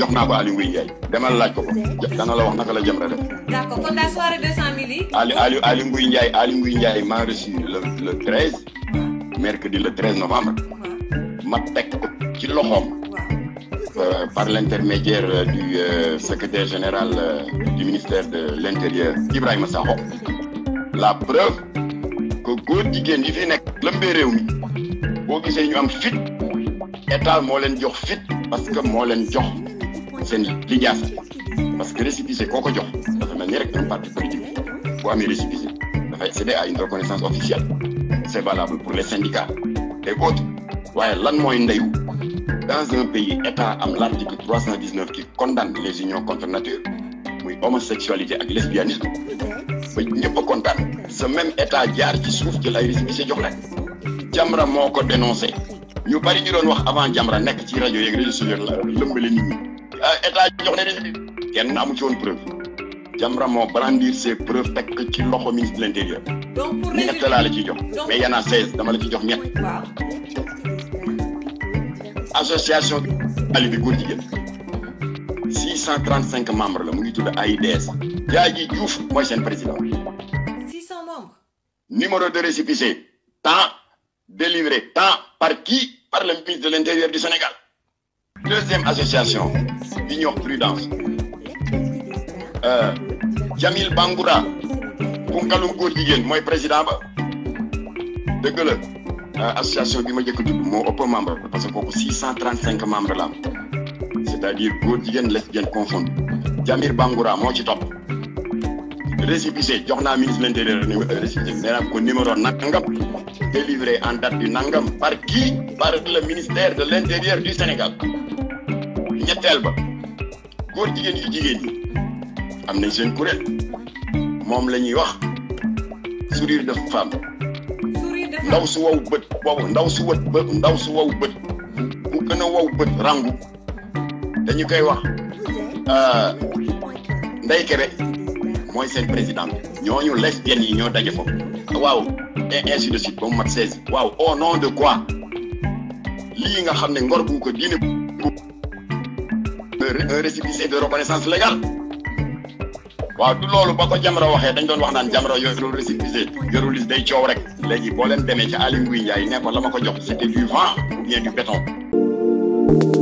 jox naa ko Aliou Ngouye Ndiaye demal laaj ko ko dana la wax naka la Jamra def. d'accord kon daal soirée 200000 yi. Ali Ali Aliou Ngouye Ndiaye Aliou Ngouye Ndiaye maa reçu le le treize. mercredi le treize novembre. ma teg ko ci loxoom. Euh, par l'intermédiaire euh, du euh, secrétaire général du ministère de l'intérieur Ibrahima Sakho la preuve que góor jigéen yi fi nekk lëmbee réew mi boo gisee ñu am fit état moo leen jox fit parce que moo leen jox seen lijaasa parce que récépissé koo ko jox dafa mel ni rek un parti politique bu amee récépissé dafay accéder à une reconnaissance officielle c'est valable pour les syndicats et autres waaye lan mooy ndeyu dans un pays état am l' 319 qui condamne les unions contre nature muy homosexualité ak lesbianisme ba ñëpp a ce même état jaar ci suuf ci c'est récépissé jox la Jamra moo ko dénoncé ñu bari ñu doon wax avant Jamra nekk ci rajo yeeg réseaux sociaux la lëmbale nit ñi il y a une preuve brandir ces preuves avec ci ministre de l'intérieur Il mais y en a seize dama la association alibi bi 635 membres la mu ngi AIDS président membres numéro de récépissé tant délivré tant par qui par le ministre de l'intérieur du Sénégal deuxième association bi ñuy wax prudence euh, Jamil Bangoura punkalum góor jigéen mooy président ba dëgg la euh, association bi ma jëkk tudd moo ëpp membre parce que kooku six cent cinq membres la am c'est-à-dire góor jigéen lesbienne confondue Jamil Bangoura moo ci topp récépissé jox naa ministre de l'intérieur euh, récépissé nee naa ko numéro nangam délivré en date du nangam par qui par le ministère de l'intérieur du Sénégal ñettel ba góor jigéen yu jigéen ñi amna nañ seen mom lañuy wax sourire de femme ndaw su wow bët wow ndaw su wët bët ndaw su waw bët mu gën a wow rangu dañu koy wax euh, nday kéré mooy seen président ñooñu lesbiennes yi ñoo daje foofu waaw et ainsi de suite ba mu mat waaw au nom de quoi lii nga xam ne ngor bu ko diine un récépissé de reconnaissance légale waaw du loolu ba ko Jamra waxee dañ doon wax naan Jamra yorul récépissé yorul lis day coow rek léegi boo leen demee ci Aly Ngouille Ndiaye ne la ma ko jox c'était du vent ou bien du